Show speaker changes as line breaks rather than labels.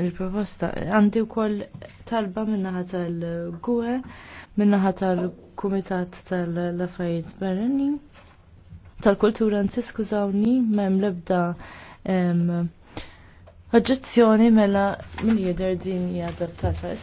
il-proposta. Għandi wkoll talba minnaħat tal-GUE, minnaħat tal-Kumitat tal-Lafajiet Barani, tal-Kultura n-tiskużawni, mem lebda Oġġezzjoni mela min jidher din hija